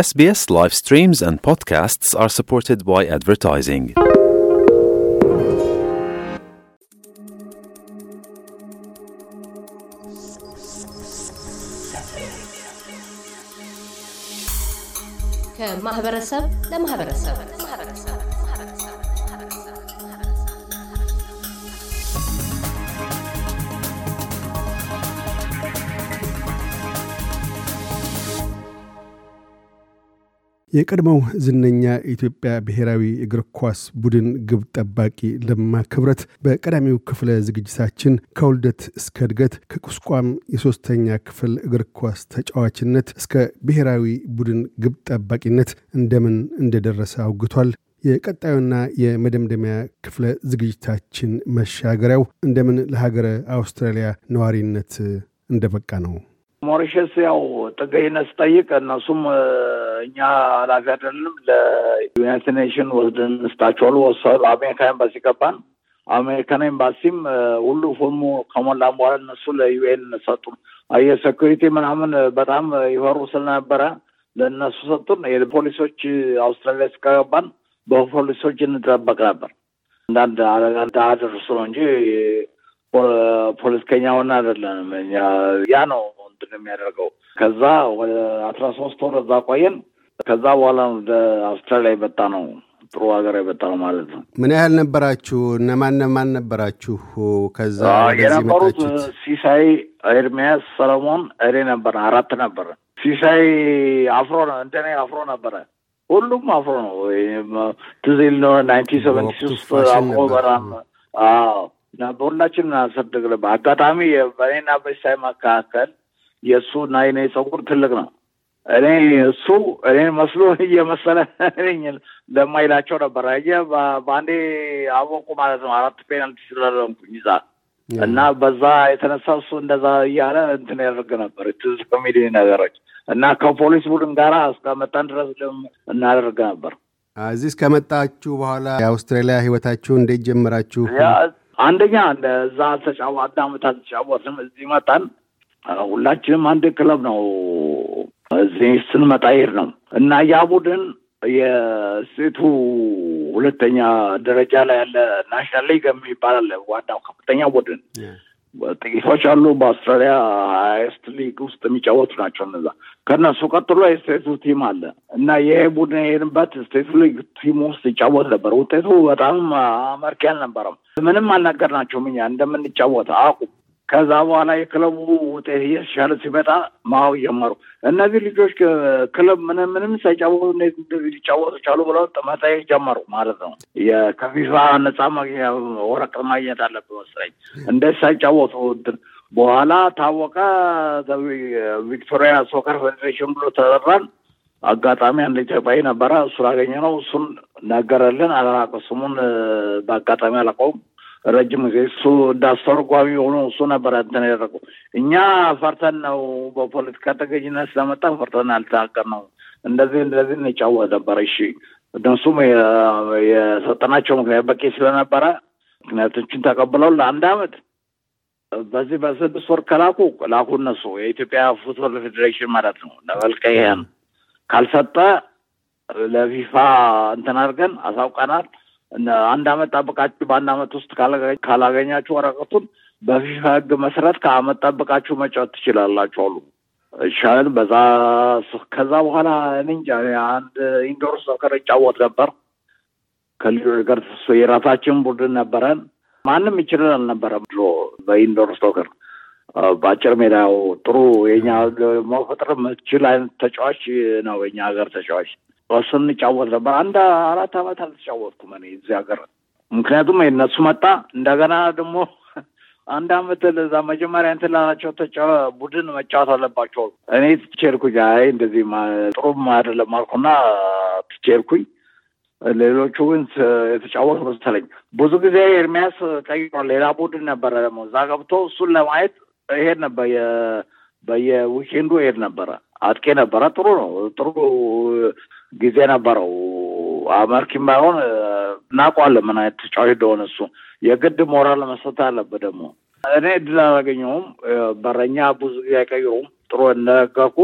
SBS live streams and podcasts are supported by advertising. ከማህበረሰብ ለማህበረሰብ የቀድሞው ዝነኛ ኢትዮጵያ ብሔራዊ እግር ኳስ ቡድን ግብ ጠባቂ ለማ ክብረት በቀዳሚው ክፍለ ዝግጅታችን ከውልደት እስከ እድገት ከቁስቋም የሶስተኛ ክፍል እግር ኳስ ተጫዋችነት እስከ ብሔራዊ ቡድን ግብ ጠባቂነት እንደምን እንደደረሰ አውግቷል። የቀጣዩና የመደምደሚያ ክፍለ ዝግጅታችን መሻገሪያው እንደምን ለሀገረ አውስትራሊያ ነዋሪነት እንደበቃ ነው። ሞሪሸስ ያው ጥገኝነት ስጠይቅ እነሱም እኛ ኃላፊ አይደለም ለዩናይትድ ኔሽን ወስደን ስታቸዋል ወሰሉ አሜሪካ ኤምባሲ ገባን። አሜሪካን ኤምባሲም ሁሉ ፎርሙ ከሞላ በኋላ እነሱ ለዩኤን ሰጡን። የሴኩሪቲ ምናምን በጣም ይፈሩ ስለነበረ ለእነሱ ሰጡን። የፖሊሶች አውስትራሊያ ስከገባን በፖሊሶች እንጠበቅ ነበር። አንዳንድ አደጋ እንዳደርሱ ነው እንጂ ፖለቲከኛ ሆነ አይደለንም። ያ ነው እንትን የሚያደርገው። ከዛ ወደ አስራ ሶስት ወር እዛ ቆየን። ከዛ በኋላ ወደ አውስትራሊያ የመጣ ነው። ጥሩ ሀገር የመጣ ነው ማለት ነው። ምን ያህል ነበራችሁ? እነማን ነማን ነበራችሁ? ከዛ የነበሩት ሲሳይ፣ ኤርሚያስ፣ ሰለሞን፣ እኔ ነበር። አራት ነበረ። ሲሳይ አፍሮ እንደኔ አፍሮ ነበረ። ሁሉም አፍሮ ነው። ትዝ ይል ነው ናይንቲ ሰቨንቲ ሶስት አፍሮ በራም ሁላችን እናሰድግ። አጋጣሚ በእኔና በሳይ መካከል የእሱ እና የኔ ፀጉር ትልቅ ነው። እኔ እሱ እኔን መስሎ እየመሰለ ለማይላቸው ነበር። አየህ በአንዴ አወቁ ማለት ነው። አራት ፔናልቲ ስለረምኩኝ ይዛል እና በዛ የተነሳ እሱ እንደዛ እያለ እንትን ያደርግ ነበር። ትዝ ነገሮች እና ከፖሊስ ቡድን ጋር እስከመጣን ድረስ እናደርግ ነበር። እዚህ እስከመጣችሁ በኋላ የአውስትራሊያ ህይወታችሁ እንዴት ጀመራችሁ? አንደኛ እዛ አልተጫወ አንድ አመት አልተጫወትም። እዚህ መጣን። ሁላችንም አንድ ክለብ ነው እዚህ ስንመጣ ይሄድ ነው እና ያ ቡድን የሴቱ ሁለተኛ ደረጃ ላይ ያለ ናሽናል ሊግ የሚባላለ አለ። ዋናው ከፍተኛ ቡድን ጥቂቶች አሉ። በአውስትራሊያ ሀያስት ሊግ ውስጥ የሚጫወቱ ናቸው እነዛ። ከእነሱ ቀጥሎ የስቴቱ ቲም አለ እና ይሄ ቡድን የሄድንበት ስቴቱ ሊግ ቲም ውስጥ ይጫወት ነበር። ውጤቱ በጣም አመርቂ አልነበረም። ምንም አልነገር ናቸው ምኛ እንደምንጫወት አቁም ከዛ በኋላ የክለቡ ውጤት እየተሻለ ሲመጣ ማወቅ ጀመሩ። እነዚህ ልጆች ክለብ ምንም ምንም ሳይጫወቱ ሊጫወቱ ቻሉ ብለው መጠየቅ ጀመሩ ማለት ነው። ከፊፋ ነጻ ወረቀት ማግኘት አለብህ መሰለኝ እንዴት ሳይጫወቱ እንትን በኋላ ታወቀ። ቪክቶሪያ ሶከር ፌዴሬሽን ብሎ ተጠራን። አጋጣሚ አንድ ኢትዮጵያዊ ነበረ፣ እሱን ነው እሱን ነገረልን። አላውቅም ስሙን በአጋጣሚ አላውቀውም። ረጅም ጊዜ እሱ እንዳስተርጓሚ ሆኖ እሱ ነበር እንትን ያደረገው። እኛ ፈርተን ነው በፖለቲካ ተገዥነት ስለመጣ ፈርተን አልተናገር ነው። እንደዚህ እንደዚህ እንጫወት ነበረ። እሺ እነሱም የሰጠናቸው ምክንያት በቂ ስለነበረ ምክንያቶችን ተቀብለው ለአንድ አመት በዚህ በስድስት ወር ከላኩ ላኩ እነሱ የኢትዮጵያ ፉትቦል ፌዴሬሽን ማለት ነው ለበልቀ ይህን ካልሰጠ ለፊፋ እንትን አድርገን አሳውቀናል። አንድ አመት ጠብቃችሁ በአንድ አመት ውስጥ ካላገኛችሁ ወረቀቱን በፊፋ ህግ መሰረት ከአመት ጠብቃችሁ መጫወት ትችላላችሁ አሉ። ሻን በዛ ከዛ በኋላ እንጃ አንድ ኢንዶር ሰከር ይጫወት ነበር ከልጆች ጋር ሱ የራሳችን ቡድን ነበረን። ማንም ይችልን አልነበረም ድሮ በኢንዶር ስቶከር በአጭር ሜዳው ጥሩ የኛ መፈጠር ምችል አይነት ተጫዋች ነው የኛ ሀገር ተጫዋች እሱን እንጫወት ነበር። አራት አመት አልተጫወትኩም እኔ እዚህ ሀገር፣ ምክንያቱም እነሱ መጣ እንደገና ደግሞ አንድ አመት ለዛ መጀመሪያ እንትን ላላቸው ተጫ ቡድን መጫወት አለባቸው። እኔ ትቼ አይ እንደዚህ ጥሩም አይደለም አልኩና ትቼልኩኝ ሌሎቹ ግን የተጫወቱ መሰለኝ። ብዙ ጊዜ ኤርሚያስ ቀይሯል። ሌላ ቡድን ነበረ ደግሞ እዛ ገብቶ እሱን ለማየት ይሄድ ነበር። በየዊኬንዱ እሄድ ነበረ። አጥቄ ነበረ። ጥሩ ነው ጥሩ ጊዜ ነበረው። አመርኪም ባይሆን እናውቀዋለን ምን አይነት ተጫዋች እንደሆነ እሱ። የግድ ሞራል መስጠት አለብህ ደግሞ። እኔ እድል አላገኘውም። በረኛ ብዙ ጊዜ አይቀይሩም። ጥሩ እንደነገርኩ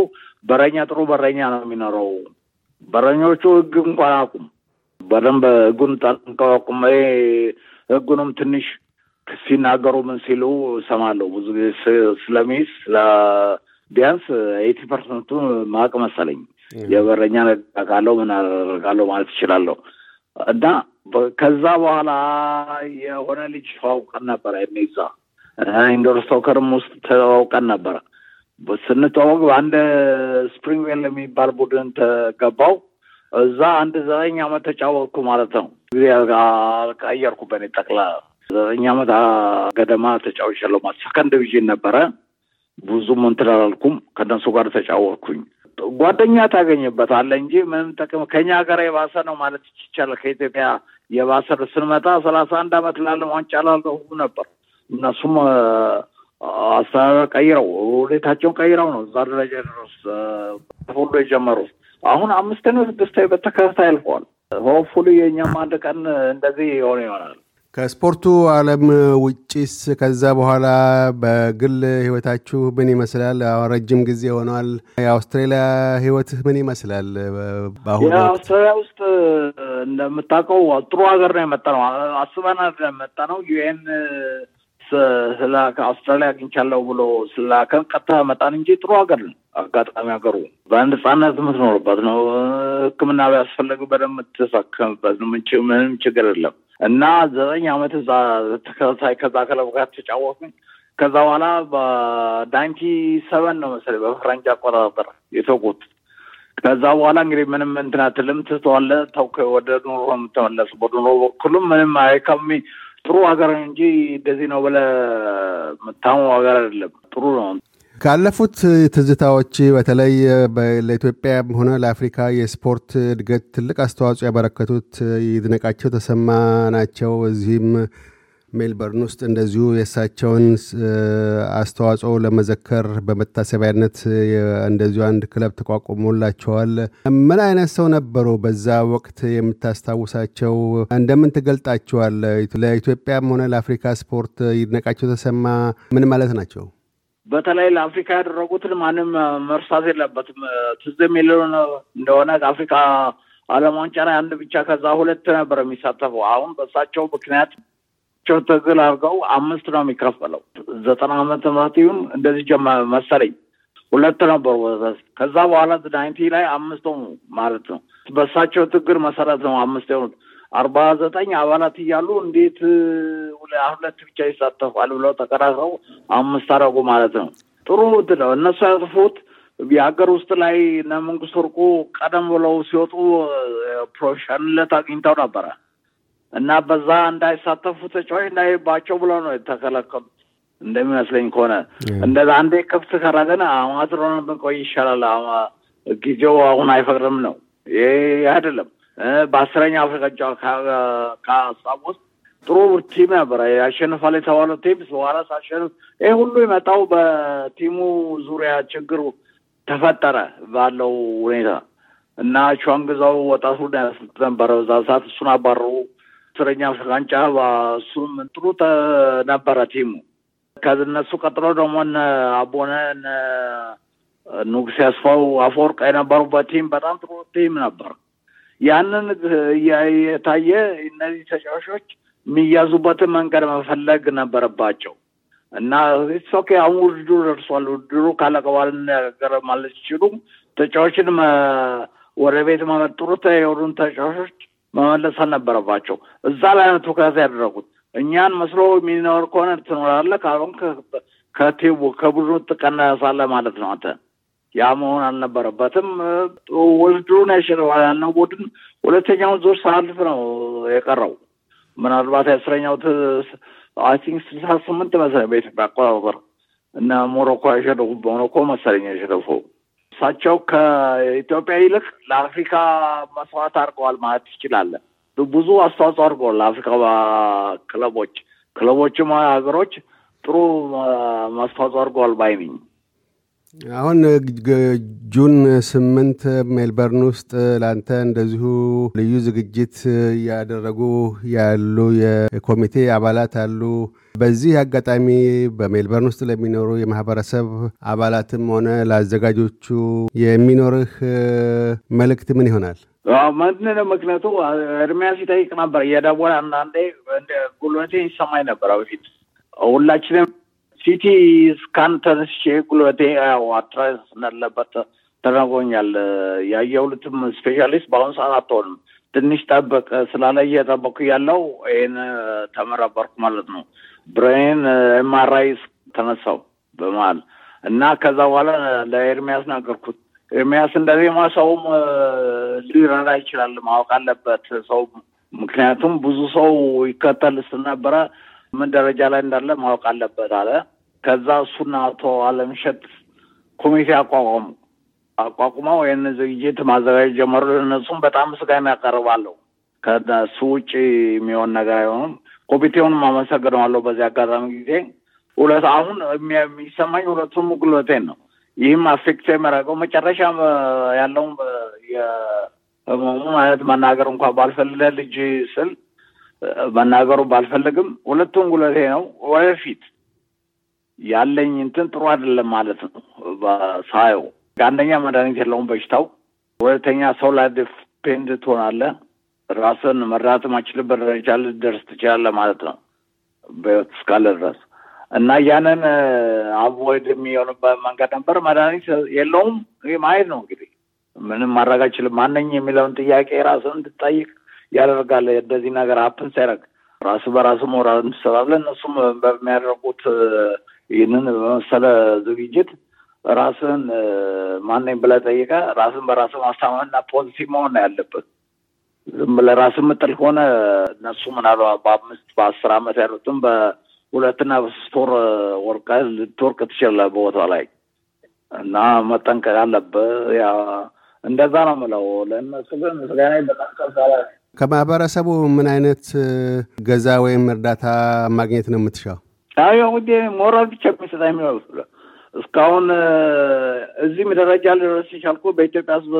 በረኛ ጥሩ በረኛ ነው የሚኖረው። በረኞቹ ህግ እንኳን አቁም በደንብ ህጉን ጠንቀቁም። ህጉንም ትንሽ ሲናገሩ ምን ሲሉ እሰማለሁ ብዙ ጊዜ ስለሚይዝ ቢያንስ ኤቲ ፐርሰንቱ ማቅ መሰለኝ የበረኛ ነቃቃለው ምን አደረጋለሁ ማለት ይችላለሁ እና ከዛ በኋላ የሆነ ልጅ ተዋውቀን ነበረ የሚዛ ኢንዶርስቶከርም ውስጥ ተዋውቀን ነበረ ስንተዋወቅ በአንድ ስፕሪንግዌል የሚባል ቡድን ተገባው እዛ አንድ ዘጠኝ አመት ተጫወቅኩ ማለት ነው ጊዜ ቀየርኩ በኔ ጠቅላ ዘጠኝ አመት ገደማ ተጫውቻለሁ ማለት ሰከንድ ብዥን ነበረ ብዙም እንትላላልኩም አላልኩም ጋር ተጫወቅኩኝ ጓደኛ ታገኝበታለህ እንጂ ምንም ጥቅም ከኛ ሀገር የባሰ ነው ማለት ይቻላል። ከኢትዮጵያ የባሰ ስንመጣ ሰላሳ አንድ አመት ላለም ዋንጫ ላለው ነበር። እነሱም አስተዳደር ቀይረው ሁኔታቸውን ቀይረው ነው እዛ ደረጃ ደረስ ሁሉ የጀመሩት። አሁን አምስተኛ ስድስተ በተከታታይ አልፈዋል። ሆፕፉሊ የእኛም አንድ ቀን እንደዚህ የሆነ ይሆናል። ከስፖርቱ ዓለም ውጭስ ከዛ በኋላ በግል ህይወታችሁ ምን ይመስላል? ረጅም ጊዜ ሆኗል። የአውስትሬሊያ ህይወት ምን ይመስላል? በአሁኑ አውስትራሊያ ውስጥ እንደምታውቀው ጥሩ ሀገር ነው የመጣ ነው አስበን የመጣ ነው ዩኤን ስለ አውስትራሊያ አግኝቻለሁ ብሎ ስላከን ቀጥታ መጣን እንጂ ጥሩ ሀገር አጋጣሚ ሀገሩ በአንድ ህጻነት የምትኖርበት ነው። ህክምና ቢያስፈልግ በደንብ የምትሳከምበት ነው። ምንም ችግር የለም። እና ዘጠኝ አመት እዛ ተከታታይ ከዛ ክለብ ጋር ተጫወትን። ከዛ በኋላ በናይንቲ ሰቨን ነው መሰለኝ በፈረንጅ አቆጣጠር የተውኩት። ከዛ በኋላ እንግዲህ ምንም እንትን አትልም፣ ትተዋለህ። ተውክ ወደ ኑሮ የምትመለስ በኑሮ በኩልም ምንም አይከሚ ጥሩ ሀገር እንጂ እንደዚህ ነው ብለህ የምታሙ ሀገር አይደለም። ጥሩ ነው። ካለፉት ትዝታዎች በተለይ ለኢትዮጵያ ሆነ ለአፍሪካ የስፖርት እድገት ትልቅ አስተዋጽኦ ያበረከቱት ይድነቃቸው ተሰማ ናቸው። እዚህም ሜልበርን ውስጥ እንደዚሁ የእሳቸውን አስተዋጽኦ ለመዘከር በመታሰቢያነት እንደዚሁ አንድ ክለብ ተቋቁሞላቸዋል። ምን አይነት ሰው ነበሩ? በዛ ወቅት የምታስታውሳቸው እንደምን ትገልጣቸዋል? ለኢትዮጵያም ሆነ ለአፍሪካ ስፖርት ይድነቃቸው ተሰማ ምን ማለት ናቸው? በተለይ ለአፍሪካ ያደረጉትን ማንም መርሳት የለበትም። ትዝ የሚለው እንደሆነ አፍሪካ ዓለም ዋንጫ ላይ አንድ ብቻ ከዛ ሁለት ነበር የሚሳተፈው። አሁን በእሳቸው ምክንያት ቸው ትግል አድርገው አምስት ነው የሚከፈለው። ዘጠና ዓመተ ምህረት ይሁን እንደዚህ መሰለኝ ሁለት ነበሩ። ከዛ በኋላ ናይንቲ ላይ አምስት ማለት ነው። በእሳቸው ትግል መሰረት ነው አምስት የሆኑት። አርባ ዘጠኝ አባላት እያሉ እንዴት ሁለት ብቻ ይሳተፋል ብለው ተከራክረው አምስት አረጉ ማለት ነው። ጥሩ ውድ ነው እነሱ ያጥፉት። የሀገር ውስጥ ላይ እነ መንግስት ወርቁ ቀደም ብለው ሲወጡ ፕሮፌሽናልነት አግኝተው ነበረ እና በዛ እንዳይሳተፉ ተጫዋች እንዳይባቸው ብለው ነው የተከለከሉ እንደሚመስለኝ ከሆነ እንደ አንዴ ክፍት ካረገን አማትሮን ብንቆይ ይሻላል። ጊዜው አሁን አይፈቅድም ነው ይህ አይደለም በአስረኛ አፍሪካ ውስጥ ጥሩ ቲም ነበረ። ያሸንፋል የተባለው ቲም በኋላ ሳሸንፍ ይህ ሁሉ የመጣው በቲሙ ዙሪያ ችግሩ ተፈጠረ ባለው ሁኔታ እና ሸንግዛው ወጣቱ ነበረ በዛ ሰዓት እሱን አባረሩ። አስረኛ አፍሪካ ዋንጫ እሱም ጥሩ ነበረ ቲሙ። ከነሱ ቀጥሎ ደግሞ አቦነ ንጉሴ አስፋው አፈወርቅ የነበሩበት ቲም በጣም ጥሩ ቲም ነበር። ያንን የታየ እነዚህ ተጫዋቾች የሚያዙበትን መንገድ መፈለግ ነበረባቸው እና ሶኬ አሁን ውድድሩ ደርሷል። ውድድሩ ካለቀባል ነገር ማለት ሲችሉም ተጫዋችን ወደ ቤት መመጥሩት የሆኑን ተጫዋቾች መመለስ አልነበረባቸው። እዛ ላይ ነው ትኩረት ያደረጉት። እኛን መስሎ የሚኖር ከሆነ ትኖራለ ትኖራለህ፣ ከቲቡ ከቡድኑ ትቀነሳለህ ማለት ነው አንተ ያ መሆን አልነበረበትም። ወልዱ ነው ያሸነፈው ያለው ቡድን ሁለተኛውን ዙር ሳልፍ ነው የቀረው። ምናልባት የአስረኛው አይንክ ስልሳ ስምንት መሰለኝ በኢትዮጵያ አቆጣጠር እና ሞሮኮ ያሸደፉ በሞሮኮ መሰለኝ ያሸደፉ እሳቸው ከኢትዮጵያ ይልቅ ለአፍሪካ መስዋዕት አድርገዋል ማለት ትችላለን። ብዙ አስተዋጽኦ አድርገዋል ለአፍሪካ ክለቦች ክለቦችም ሀገሮች ጥሩ መስተዋጽኦ አድርገዋል ባይ ነኝ። አሁን ጁን ስምንት ሜልበርን ውስጥ ላንተ እንደዚሁ ልዩ ዝግጅት እያደረጉ ያሉ የኮሚቴ አባላት አሉ። በዚህ አጋጣሚ በሜልበርን ውስጥ ለሚኖሩ የማህበረሰብ አባላትም ሆነ ለአዘጋጆቹ የሚኖርህ መልእክት ምን ይሆናል? ምንድን ነው ምክንያቱ? እድሜያ ሲጠይቅ ነበር እየደወለ አንዳንዴ ጉልበቴ ይሰማኝ ነበር በፊት ሁላችንም ሲቲ ተነስቼ ጉልበቴ አትራስ እንዳለበት ተነግሮኛል። ያየሁትም ስፔሻሊስት በአሁኑ ሰዓት አትሆንም። ትንሽ ጠበቅ ስላለ እየጠበኩ ያለው ይህን ተመረበርኩ ማለት ነው። ብሬን ኤምአርአይ ተነሳው በመሀል እና ከዛ በኋላ ለኤርሚያስ ነገርኩት። ኤርሚያስ እንደዜማ ሰውም ሊረዳ ይችላል ማወቅ አለበት ሰው ምክንያቱም ብዙ ሰው ይከተል ስለነበረ ምን ደረጃ ላይ እንዳለ ማወቅ አለበት አለ። ከዛ እሱና አቶ አለምሸት ኮሚቴ አቋቋሙ። አቋቁመው ይህን ዝግጅት ማዘጋጀት ጀመሩ። እነሱም በጣም ምስጋና ያቀርባለሁ። ከሱ ውጭ የሚሆን ነገር አይሆኑም። ኮሚቴውንም አመሰግነዋለሁ። በዚህ አጋጣሚ ጊዜ ሁለት አሁን የሚሰማኝ ሁለቱም ጉልበቴን ነው። ይህም አፌክት የሚያደርገው መጨረሻ ያለውን የህመሙ አይነት መናገር እንኳ ባልፈልለ ልጅ ስል መናገሩ ባልፈልግም ሁለቱም ጉለቴ ነው። ወደፊት ያለኝ እንትን ጥሩ አይደለም ማለት ነው ሳየው። አንደኛ መድኃኒት የለውም በሽታው፣ ሁለተኛ ሰው ላይ ዲፔንድ ትሆናለህ። ራስን መራት ማችልበት ደረጃ ልደርስ ትችላለህ ማለት ነው በህይወት እስካለ ድረስ እና ያንን አቮይድ የሚሆንበት መንገድ ነበር። መድኃኒት የለውም ማየት ነው እንግዲህ ምንም ማድረግ አይችልም። ማነኝ የሚለውን ጥያቄ ራስን እንድትጠይቅ ያደርጋል። እንደዚህ ነገር አፕን ሲያደርግ ራሱ በራሱ ሞራል እንዲሰባብለ እነሱም በሚያደርጉት ይህንን በመሰለ ዝግጅት ራስን ማነኝ ብለህ ጠይቀህ ራስን በራሱ ማስታመንና ፖዚቲቭ መሆን ያለብህ። ዝም ብለህ ራስን ምጥል ከሆነ እነሱ ምናልባት በአምስት በአስር ዓመት ያሉትም በሁለትና በሶስት ወር ወርቀ ልትወርቅ ትችላለህ ቦታ ላይ እና መጠንቀቅ አለብህ። ያ እንደዛ ነው የምለው። ለእነሱ ግን ምስጋና በጣም ከፍ ከማህበረሰቡ ምን አይነት ገዛ ወይም እርዳታ ማግኘት ነው የምትሻው? አዎ እንግዲህ ሞራል ብቻ የሚሰጣኝ ነው። እስካሁን እዚህም ደረጃ ልደረስ ይቻልኩ በኢትዮጵያ ሕዝብ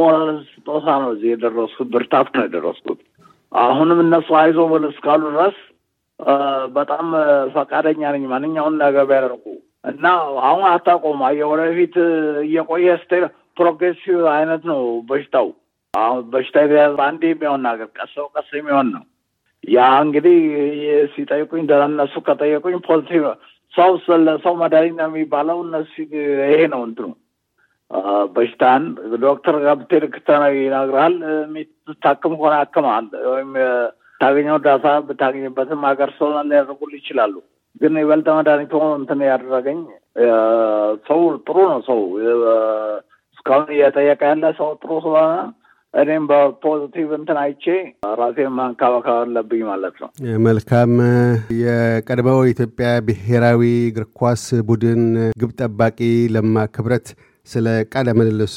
ሞራል ስጦታ ነው እዚህ የደረስኩት፣ ብርታት ነው የደረስኩት። አሁንም እነሱ አይዞ ብል እስካሉ ድረስ በጣም ፈቃደኛ ነኝ ማንኛውን ነገር ቢያደርጉ እና አሁን አታቆም ወደፊት እየቆየ ስቴ ፕሮግሬሲቭ አይነት ነው በሽታው አሁን በሽታ የተያዘ አንዴ የሚሆን ነገር ቀሰው ቀስ የሚሆን ነው። ያ እንግዲህ ሲጠይቁኝ እነሱ ከጠየቁኝ ፖዚቲቭ ሰው ሰው መድኃኒት ነው የሚባለው። እነሱ ይሄ ነው እንትኑ በሽታን ዶክተር ገብቴ ልክተ ነው ይነግራል። ታክም ከሆነ አክማል ወይም ታገኘው እርዳታ ብታገኝበትም ሀገር ሰው ሊያደርጉል ይችላሉ። ግን ይበልጠ መድኃኒት እንትን ያደረገኝ ሰው ጥሩ ነው። ሰው እስካሁን እየጠየቀ ያለ ሰው ጥሩ ስለሆነ እኔም በፖዚቲቭ እንትን አይቼ ራሴን ማንከባከብ አለብኝ ማለት ነው። መልካም። የቀድሞው የኢትዮጵያ ብሔራዊ እግር ኳስ ቡድን ግብ ጠባቂ ለማ ክብረት ስለ ቃለ ምልልሱ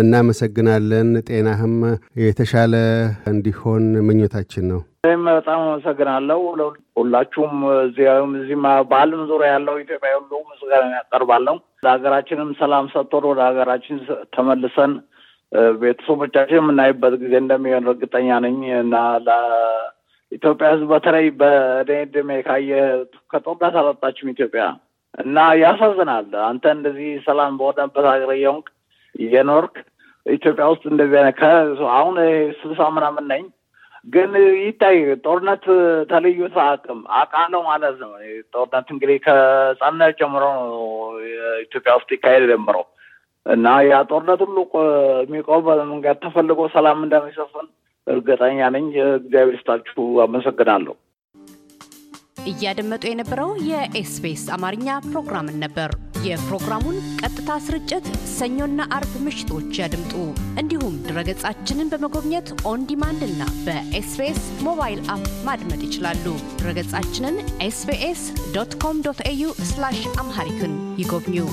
እናመሰግናለን። ጤናህም የተሻለ እንዲሆን ምኞታችን ነው። እኔም በጣም አመሰግናለሁ። ሁላችሁም እዚያም እዚህም በዓለም ዙሪያ ያለው ኢትዮጵያ ሁሉ ምስጋና ያቀርባለሁ። ለሀገራችንም ሰላም ሰጥቶን ወደ ሀገራችን ተመልሰን ቤተሰቦቻችን የምናይበት ጊዜ እንደሚሆን እርግጠኛ ነኝ እና ለኢትዮጵያ ህዝብ በተለይ በእኔ ዕድሜ ካየ ከጦርነት አልወጣችም ኢትዮጵያ እና ያሳዝናል። አንተ እንደዚህ ሰላም በሆነበት ሀገር እየሆንክ የኖርክ ኢትዮጵያ ውስጥ እንደዚህ አሁን ስልሳ ምናምን ነኝ ግን ይታይ ጦርነት ተልዩ አቅም ነው ማለት ነው። ጦርነት እንግዲህ ከህጻንነት ጀምሮ ነው ኢትዮጵያ ውስጥ ይካሄድ ጀምረው እና ያ ጦርነት ሁሉ የሚቆም መንገድ ተፈልጎ ሰላም እንደሚሰፍን እርግጠኛ ነኝ። እግዚአብሔር ይስጣችሁ። አመሰግናለሁ። እያደመጡ የነበረው የኤስቢኤስ አማርኛ ፕሮግራምን ነበር። የፕሮግራሙን ቀጥታ ስርጭት ሰኞና አርብ ምሽቶች ያድምጡ። እንዲሁም ድረገጻችንን በመጎብኘት ኦን ዲማንድ እና በኤስቢኤስ ሞባይል አፕ ማድመጥ ይችላሉ። ድረገጻችንን ኤስቢኤስ ዶት ኮም ዶት ኤዩ አምሃሪክን ይጎብኙ።